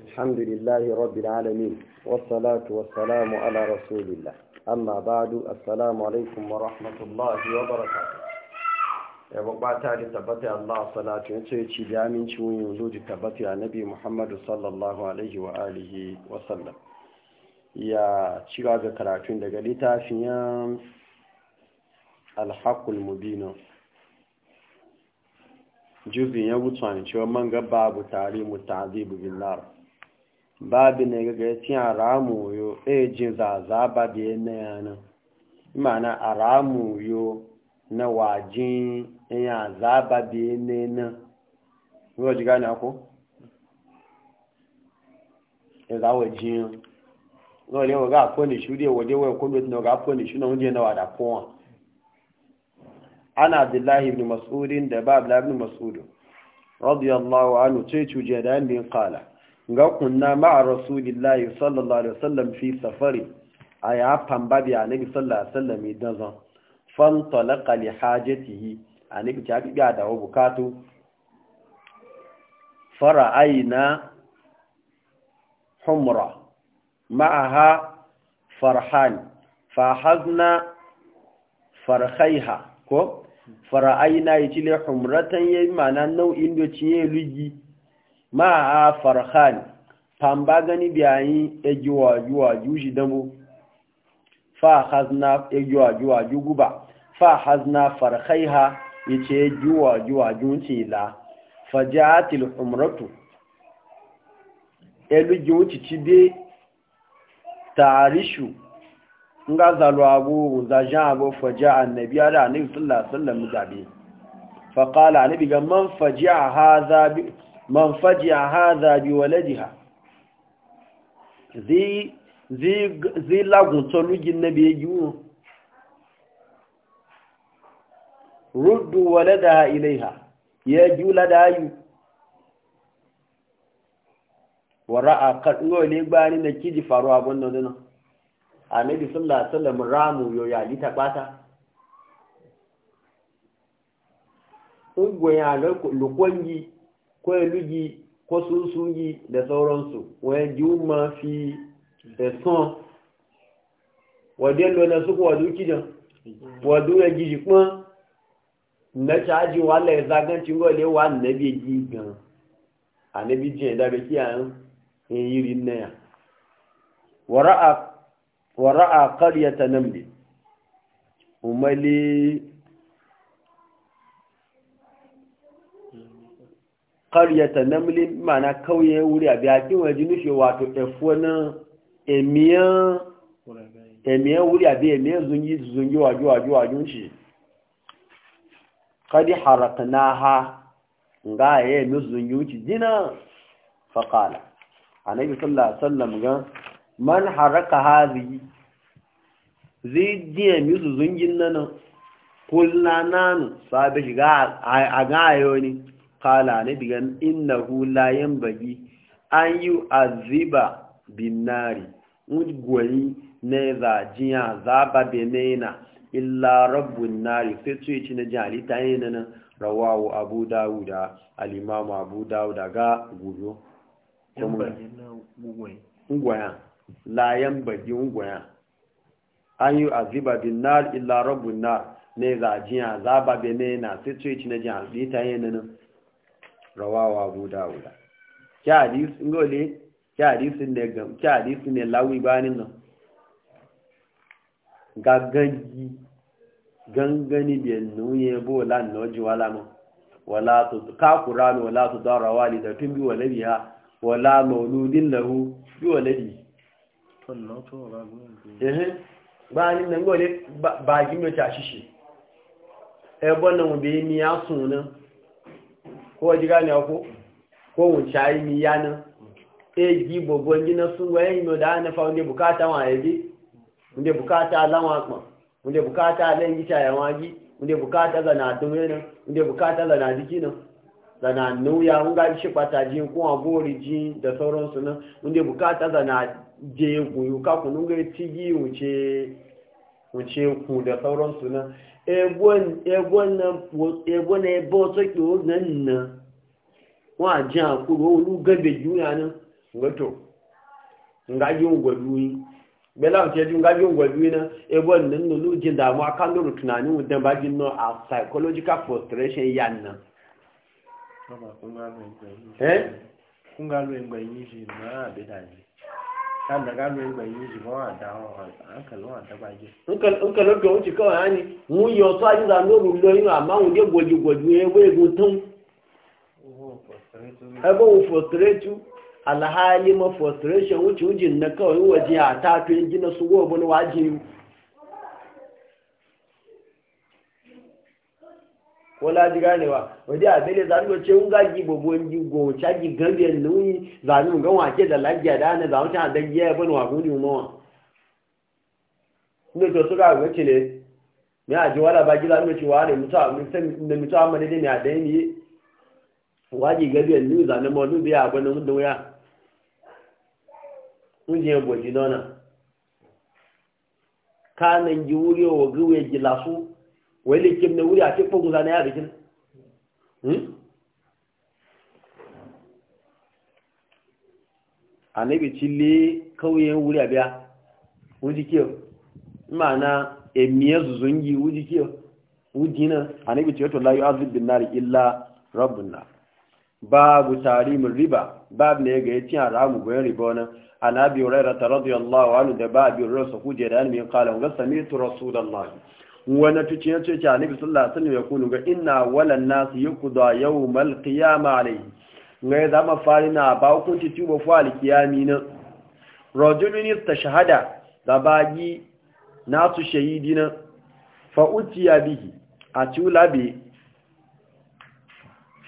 الحمد لله رب العالمين والصلاة والسلام على رسول الله أما بعد السلام عليكم ورحمة الله وبركاته yabon bata da tabbata Allah salatu ya ce ci da aminci wani yanzu da tabbata ya nabi Muhammadu sallallahu alaihi wa alihi wa sallam ya cira ga karatun daga littafin ya alhaqul ya wuce cewa man gaba babu tare mu ta'zibu babu ne ga gaici a ramu yo ejin zaza ba da yana yana imana yo na wajin yana zaba da yana yana yau ji gani ako? ya za wajin yau ne waga akwai ne shuri waje waya na e ga akwai ne shuna wajen na wada ana abdullahi ibn mas'udin da ba ibn mas'udin radiyallahu anhu sai cuje da yin ga kunna ma'a rasulillahi sallallahu alaihi wasallam fi safari a ya famba a annabi sallallahu alaihi wasallam idan zan fan talaqa li hajatihi annabi ta biya da bukatu na humra ma'aha farhan fahazna farhaiha ko na yace le humratan yayi mana nau'in da ciye lugi ma a farhan famba gani biyayi ejuwa juwa juji dabo fa hazna ejuwa juwa guba fa hazna farhaiha yace ya ce egiwaju la fajatil umratu elugin wuce cibe ta'arishu nga zalu abu zajen abu faja annabi ya da sallallahu alaihi wasallam zabe fa qala annabi ga man faja hadha man faji a haza bi waladiha zai lagunta lugin na biya yiwu ruddu da ilaiha ya jula da ayu wara a kaɗuwa gba ni na kiji faruwa abin da duna a nabi sallallahu alaihi wasallam ramu yo ya ta bata ungwe ya lukwangi ko elugi ko da sauransu wayan ji ma fi ẹ̀sán wọ̀dẹ́ lọ na sókò wàdú kíjàn wàdú rẹ̀ gidi pọ́n mẹ́ta ájí wà lẹ́ẹ̀zá gán tí wọ́n lè wà nẹ́bí èjì gan ànẹ́bí jẹ́ ìdábẹ́ kí à ń èyí rí náà wọ́rọ̀ àkọ́rìyàtà náà mọ̀lẹ́ ƙaryata mulin mana kauye wuri a biya ɗin waje nufi wato efuwa na emiyan wuri a biya emiyan zungi zungi waje waje waje shi kadi haraka na ha ga ya yi zungi wuce jina faƙala a nabi sallallahu sallam gan man haraka ha zai zai jiya misu zungin nan kullana nanu sabi shiga a gayo ne kala ne bigan innahu la bagi an yi aziba binari ngwani ne za jiya azaba benena illa rabbun nari sai ce ci na jali ta yana nan rawawu abu dawuda alimamu abu dawuda ga guzo ngwaya layan bagi ngwaya an yi aziba binari illa rabbun nari ne za jiya azaba benena sai ce ci na jali ta yana nan rawawa abu dawuda ki hadisi ngole ki ne gam ki hadisi ne lawi banin nan gaggangi gangani bi nuye bo lan noji wala mo wala tu ka qur'an wala tu dara da tun bi wala biha wala mauludin lahu bi waladi tollo to wala eh banin nan gole ba gimi ta shishi e bonan mu bi mi asun ko ji gane ko ko wuce ayi mi ya e gi gbogbo ndị na sun wayan yi da na fa wunde bukata wa yabi nde bukata alawa kuma nde bukata ala gita ya wagi nde bukata ga na tun yana wunde bukata ga na jiki nan da na nuya mun ga shi ji ko abori ji da sauransu na wunde bukata ga na je guyu ka kunun ga ci gi wuce wuce ku da sauransu na egon na ebe otu ke na wajen akwuru olu gabe juna nan wato ngaji ungwaduyi bela wuce ji ngaji ungwaduyi na egon nan nulu jin damu aka wudan a psychological frustration yan nan eh? kun galo yin na kan da gano yin yi ji ba da hawa hankali wa da baje in ka lobe wuce kawai hani mu yi wasu aji zano rulo yin amma mu je gwaji gwaji ya bai gutun ebe wu frustrate alhali na kawai waje a tatu gina su waje wala ne ganewa waje a bele zanu ga ce unga gi bobo ngi go cha gi gambe nui zanu ga wa ke da lagiya da na zanu ta da giya ban wa gudi mu wa ne to suka ga ce ne me a ji wala ba gi zanu ce wa ne muta mun san ne muta ma ne ne a dai ni waji gabe nui zanu mo a biya ne mun da ya un je boji dona kanan ji wuri wa gwe gi lasu wai laikin na wuri a cikin koguza na ya rikin a na bi wuri a biya wuji kiyo ma'ana emiyar zuzungi wuji kiyo wuji nan a na bi ciyo tola yi azubin illa rabbin na babu tarimin riba babu ne ga ya cin haramu bayan riba wani عن أبي هريرة رضي الله عنه ده أبي هريرة سكوجي الآن من قال وقال سمعت wani tuci ya ce a nabi sallallahu ya kunu ga inna walan nasu yau malkiya qiyama ga ngai zama fari na ba hukunci tuba fa alkiyami na rajulun Shahada da bagi nasu shahidina fa utiya bihi a tulabi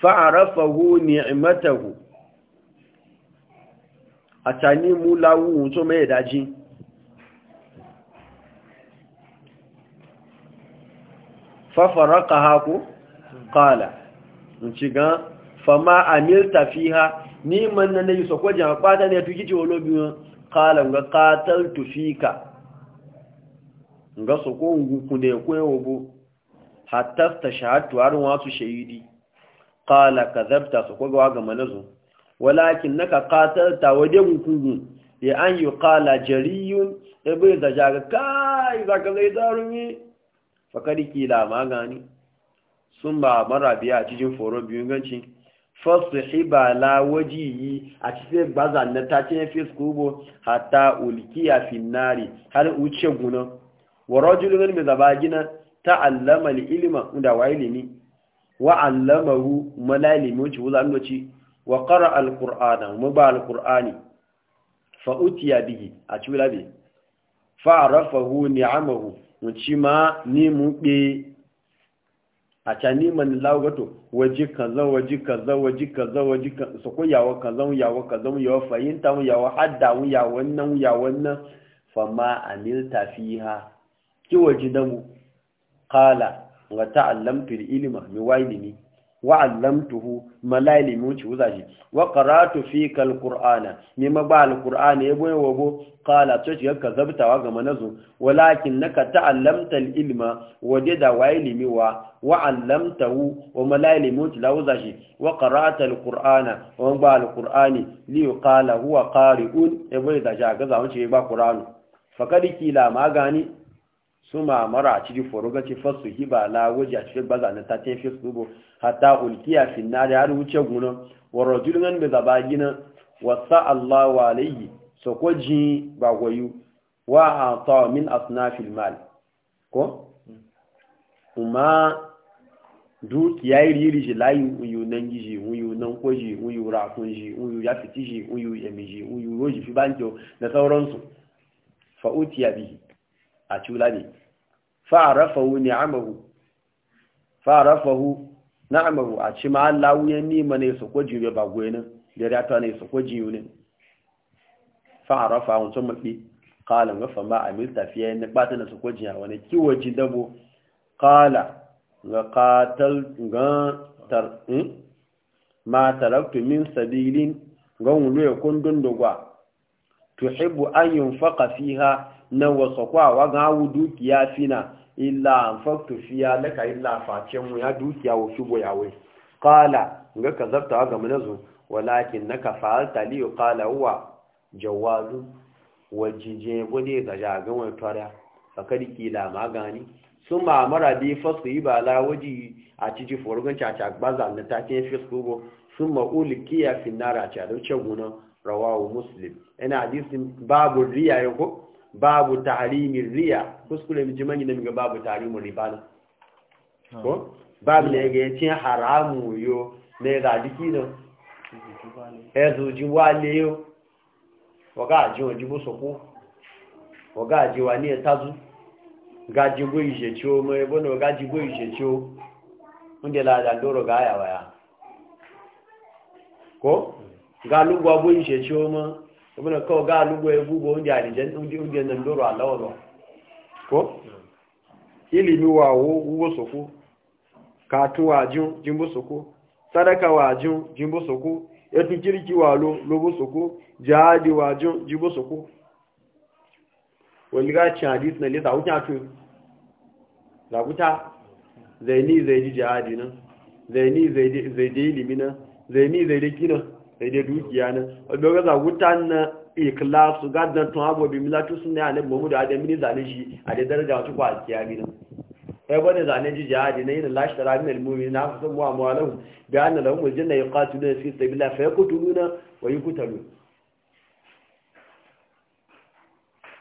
fa arafahu ni'matahu a tani mu lawu mai daji fafaraka haku kala ci gan fama amilta fiha ni man nan yi so kwajan kwata ne tuki ci olobi won kala nga tufi ka. nga so ko ngu ku ne ko yobo ta tashahadu har wasu shahidi kala ka zabta so ko ga manazo walakin naka qatalta waje gungu ya an yi kala jariyun ebe zaja ga kai zaka zai zarumi fakari kila magani sun ba mara biya a cikin foro biyun ganci fasu hiba la waji yi a cikin gbaza na ta ce ya fi skubo hata ulkiya finari har uce guna wa rajulun mai zaba gina ta allama ilima da wa ilimi wa allamahu malalimi wuce wuza an doci wa kara alkur'ana mu ba alkur'ani fa utiya bihi a cikin labi fa hu ni ni'amahu wunci ma ni mun ɓe a can ni man lagato waje kaza waje kaza waje kaza waje kaza su kun yawa kaza yawa kaza yawa fahimta yawa mu yawa wannan yawa wannan fama amilta fiha ki waje da mu kala wa ta'allamtu ilma mi wailimi wa'allamtuhu malaili muci wuzaji wa qara'tu fika alqur'ana mimma ba alqur'ana yabo yabo qala to ci ka zabtawa ga manazu walakin naka ta'allamta wade da wa ilmi wa wa'allamtahu wa malaili muci la wuzaji wa qara'ta alqur'ana wa ba alqur'ani li qala huwa qari'un yabo da ja ga zamu ci ba qur'anu magani su mamara a cikin forogaci fasu hiba na waje a cikin baza na ta tefe su bo hata ulkiya finna da har wuce guna wa rajulun da zaba gina wasa Allah wa alayhi so ko ji ba goyu wa ata min asnafil mal ko kuma dukiya iri ji layu uyu nan giji uyu nan koji uyu rakun ji uyu ya fiti ji uyu yamiji uyu roji fi banjo da sauransu fa utiya bihi a cula ne fa'arafahu ni'amahu fa'arafahu na'amahu a cima Allah wuyan nima ne su kwaji ya ba goyenin da rata ne su kwaji ne fa'arafa wancan mafi kala ga ma a mil tafiya yin nukbata na su kwaji ya wani kiwaji dabo kala ga katal gantar hmm? ma tarabtu min sabilin gan wulu ya kundin dogwa tuhibu an yin faka fiha na wasu kwawa ga hawu dukiya fina illa an faktu fiya laka illa facen mu ya dukiya wa shugo wai kala ga ka zarta ga manazu walakin naka fa'alta li qala huwa jawazu wajije gode ga jagan wani tara fakar kila magani sun mamara bi fasu yi ba la waji a ciji forgon caca gbaza na takin facebook sun ma'uli kiya finara a cadar cegunan rawawo muslim yana hadisin babu riya ko babu tahrimin riya kuskure miji manyi da miga babu tahrimin ribana ah. ko babu ne ga yacin haramu yo ne da diki nan ezu eh, ji wale yo waga aji ji bo soko waga ji wa ni etazu ji bo ije ti o mo ebo no ji bo ije ti o unde la da doro ga ya wa ya ko galu gwa bo ije ti o mo ibn kawo ga lugu ya bubo wani jarijan ɗin nan doro alawarwa ko ilimi wa wubo soko katu wajin jimbo soko sadaka wajin jimbo soko etu kirki walo lobo soko jihadi wajin jimbo soko wani gacin hadis na leta wuce atu zakuta zaini zai jihadi nan zaini zai je ilimi nan zaini zai je kinan sai dai dukiya nan wadda ga zagutan na ikilasu gadon tun abubuwa milatu sun yana nabi mamudu a damini zane shi a da daraja wata kwa alkiya gina sai wani zane ji jihadi na yi yin lashe tara min almumi na fi samuwa mawalahu da an lalawun wajen na yi katu na fi sabila fa ya kutu nuna wa yi kutalu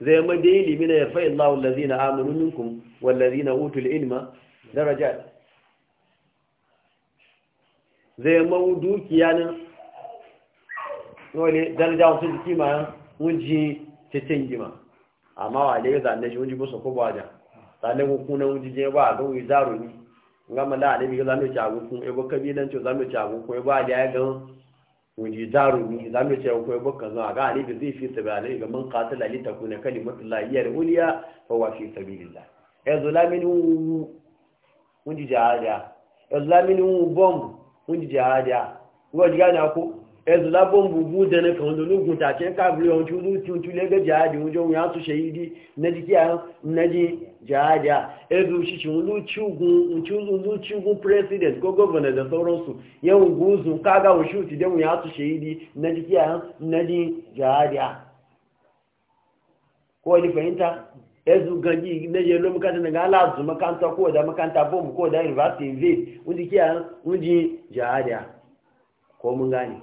zai ma da ilimi na ya fa'in lawon lazina amanu minkum wallazina utul ilma darajat zai ma dukiya na. wani daraja wasu jiki ma wunji ta titin ma amma wa ne ya zane shi wunji busa ko baja zane kuku na wunji je ba ga wuyi zaro ni nga mala ale bi zame ci agu kun ebo kabilan ci zame ci agu kun ebo ali ya ga wunji zaro ni zame ci agu kun ebo ka zo ga ali bi zai fi sabali ga man qatala li takuna kalimatullahi hiya al-ulya fa wa fi sabilillah ya zulamin wunji jahaja ya zulamin bomb wunji jahaja wa jigana ko ẹ̀sùn lábọ̀ ń gbogbo dẹni kan lónúgùn tàbí káàkiri ohun tí ó ti ń tulẹ̀ gẹ́ jáde oúnjẹ ohun yàtọ̀ ṣe yìí di nẹ́dí kí àwọn nẹ́dí jáde à ẹ̀sùn òṣìṣẹ́ olóòtúgùn president kó gangi nẹ́yẹ ló mọ́kàntà aláàzù mọ́kàntà kó ọ̀dà mọ́kàntà bọ́ọ̀mù kó ọ̀dà yunifásitì invade ó ti kí àwọn ó di jáde kọ́ mú gánì.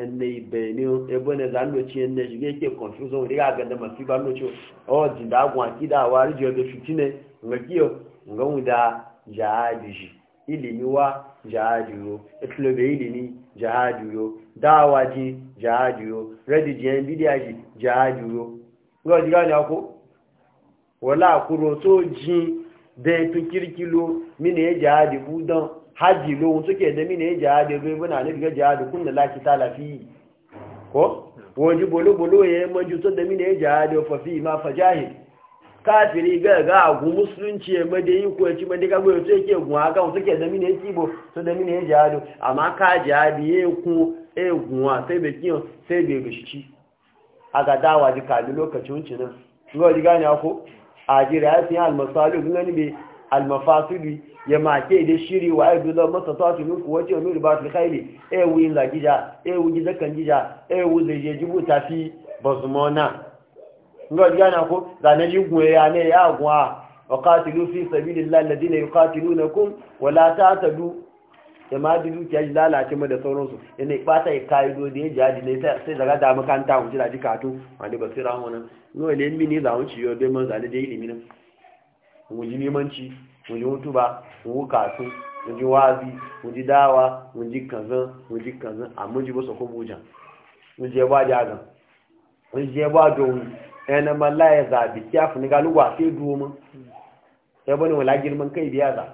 ẹnẹ ibẹ̀ ni ẹgbẹ́ ní lálòtí ẹnẹ ṣùgbẹ́ ìké kọ̀nfúsọ̀ orí àgẹ́dẹ̀ mọ̀ sí bá lóṣù ọ̀dìdá agun àkídà wa àríjọ ẹgbẹ́ fìtínẹ̀ ǹgbẹ́kíọ̀ ǹgbẹ́hùn da jàádìjì ilẹ̀ ni wá jàádìro ẹtùlẹ̀bẹ̀ ilẹ̀ ni jàádìro dáwàjì jàádìro rẹ́dìjì ẹn bídíàjì jàádìro ńgbọ́dìgá jin haji lohun suke da mine jihadi bai buna na ga jihadi kunna laki talafi ko waji bolo bolo ya maju to da mine jihadi fa fi ma fajahid kafiri ga ga gu musulunci ya made yi ko ci made ga go yake gun aga suke da ya kibo to da mine jihadi amma ka ya ku gunwa sai kiyon sai dawa ji kalu lokacin cinan ngo ji gane ya sin al masalih almafasili ya make da shiri wa ya dula masa ta su nuku wace wani riba su kaili ewu yin lagija ewu giza kan gija ewu zai je jibu tafi ba su mona ya na ko zane jigun ya ne ya guwa wa katilu fi sabilillahi alladhina yuqatilunakum wa la ta'tadu da ma da dukiya ji lalace mu da sauransu yana bata ya kayi dodi ya jadi ne sai daga da makanta mu jira ji kato wani basira wannan no le mini za mu ciyo da mun zane dai ilimi nan mun ji limanci mun ji mutuba mun kasu, mun ji wazi mun ji dawa mun ji kazan mun ji kazan amma ji basa ko bujan mun je ba jagan mun je ba dowi ɗaya malla laye zaɓi fi ni galuwa sai domin ya bani wala girman kai biya za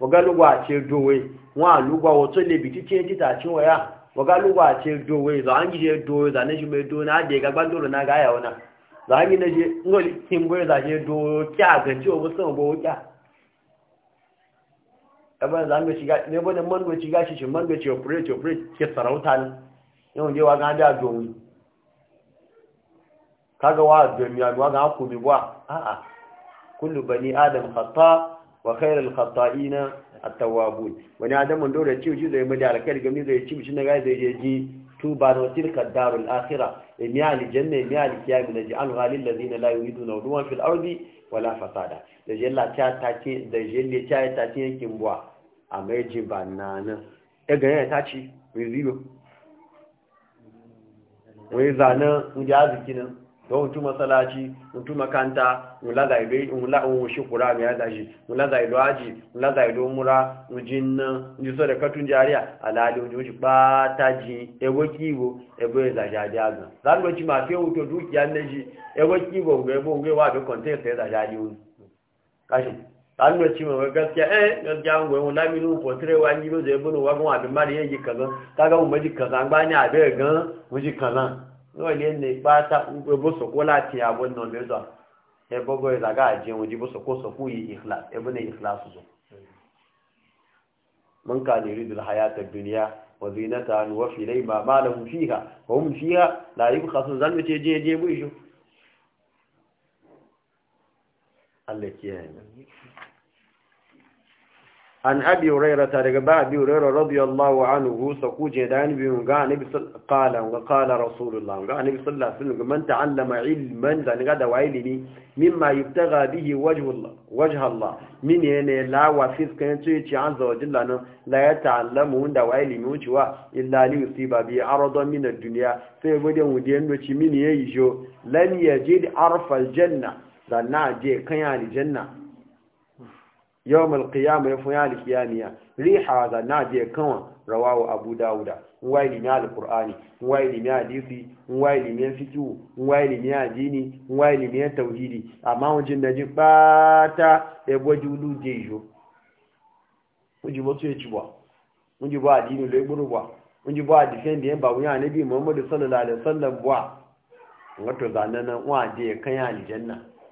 wa galuwa ce dowe wa lugwa wato ne biki ce tita ce waya wa galuwa ce dowe za an gije dowe za na shi mai dona da ya gaban dole na gaya wana za yi na je ngoli kimbo za je do kya ga ci o musan go kya abin za mu shiga ne bane man go shiga shi shi man go ci operate operate ke sarauta ne yau je wa ga da do mu kaga wa do mi wa ga ku bi wa a a kullu bani adam khata wa khairul khata'ina at-tawwabun wani adam dole ci ji zai mu da alkhairi gami zai ci shi na ga zai je ji tuba da tilka darul akhirah emi alijanna emi alikiyami na ji an halin da zina la yuridu na ruwan fil ardi wala fasada da jella ta take da jelle ta ta ce yankin buwa a mai ji nana e ga yana ta ci wai zilo wai zanan inda aziki nan don hutu masalaci hutu makanta wula shi kura mai yada shi wula zailo aji wula zailo mura wujin nan jiso da katun jariya alali wajen wuce bata ji ego kiwo ego ya zaji adi agan zan doci ma fi hutu dukiya ne shi ego kiwo ga ego ga wa bi kontes ya zaji adi wuni kashi zan doci ma ga gaskiya eh gaskiya an gwai wula minu potire wa an yi bezo ya bunu wa gan wa bi mara yaji kazan kaga mu maji kazan gbani a bai gan mu ji kazan wọ́n ilé ní ipá tá ebó sọkó láti àbọ̀ iná mẹ́ta ẹbọ́ bọ́ ìlàgá àjẹun ìdìbò sọkó sọkó yìí ìfìlà ẹbọ́ ní ìfìlà sọ̀sọ̀. من كان يريد الحياة الدنيا وزينتها نوفي إليها fi hà láyé وهم فيها لا يبخسوا ظلم تيجي bó يشوف Allah kiyaye mu an abi hurairata daga ba abi hurairah radiyallahu anhu sakuje da annabi ga annabi qala wa qala rasulullah ga annabi sallallahu alaihi wasallam man ta'allama ilman da ga da waili ni mimma yubtaga bihi wajhullah wajhallah min yana la wa fiskan ce ci an zawajilla nan la ya ta'allamu da waili mu ciwa illa li yusiba bi aradan min ad-dunya sai gode mu da yando ci min yayi jo lan yajid arfal janna da na je kan aljanna yawon alkiyama ya fi funya alkiyamiya riha za na biya kawan rawawa abu dawuda nwa ilimi alkur'ani nwa ilimi hadisi nwa ilimi fikihu nwa ilimi addini nwa ilimi tauhidi amma wajen da ji bata ebo julu je yo wajen ba su ya ci ba wajen ba addini lo igburu ba wajen ba adifin da yan ba wuya nabi muhammadu sallallahu alaihi wasallam ba wato zanana wa je kan ya aljanna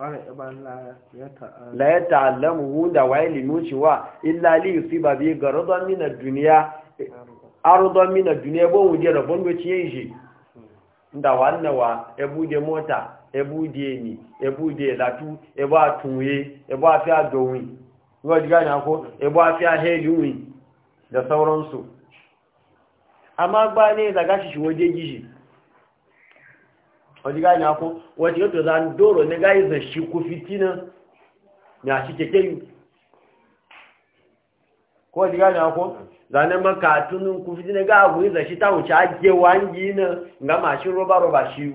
la ya ta'allamu hu da wa ilimin cewa illa li yusiba bi garadon min ad-dunya aradon min ad-dunya bo wuje rabon do ciye shi nda wannan wa e bude mota e bude ni e bude latu e ba tunye e ba fi adowin ngo diga na ko e ba fi aheduwin da sauransu amma gba ne daga shi waje gishi wajen gani ako wajen yato za doro na gani zan shi ku fitina na shi keke yi ko wajen gani ako zanen makatunin ku fitina ga aguri zan shi ta wuce ake wangi na ga mashin roba-roba shi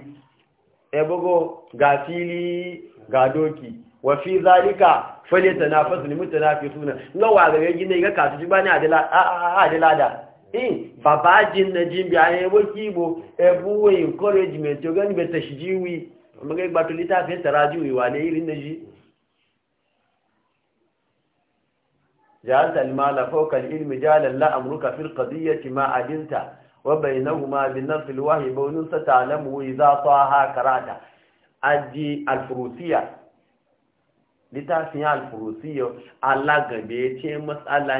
ebogo ga fili ga doki wafi zalika fale ta na fasu limuta na fi suna ga wagagen gina ga kasu ji ba ni da. eh baba jin najin bi aye woki bo e bu we encouragement yo gani beta shijiwi mage gbatulita fe tarajiwi wale iri naji jalta almala fawqa alilm jala la amruka fil qadiyati ma ajinta wa bainahuma bin nafs alwahi bawnun ta'lamu idha taha karata aji alfurusiya litasiya alfurusiyo alagbe ti masala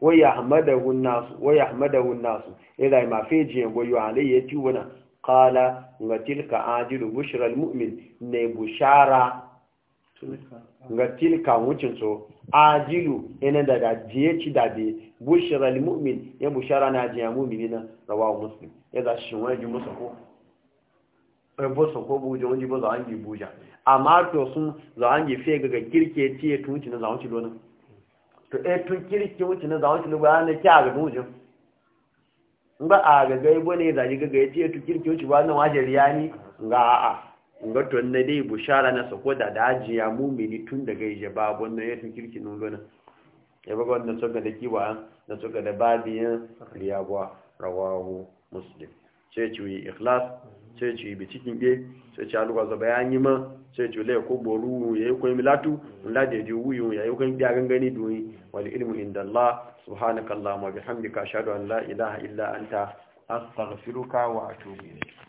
ya hamada hamadahun nasu ya ma ila mafijiyan goyo a alayya ya ci wuna kala ga tilka ajiyar bushirar mu'min ne bushara ga tilka wucin so ajiyu ina daga jiyeci dade, bushirar mu'min ya bushara na jiyar mu'min na rawa muslim ya za shi wani jimu sako ko buja wani jimu za'angi buja amma to sun za'angi fiye ga kirke tiye tuncin na za'angi donin to e tun kirki wuce na zawon shi lugba na kya a ga nujin in ba a ga gai bane da ji gaga ce eh, to kirki wuce ba na wajen riyani ga a ga to ne dai bushara na sako da daji ya mumini tun daga ije ba wannan ya tun kirki nun gona ya ba wannan saka da kiwa da saka da babiyan riyabwa rawahu muslim sai ci ikhlas sai ci bi cikin ge sai ci aluwa bayani ma sai jule ko boru ya yi kwayi milatu la da ji wuyu ya yi kwayi biya gangani doyi wani ilimi inda Allah subhanaka Allah ma bi hamdika ashhadu an la ilaha illa anta astaghfiruka wa atubu ilayk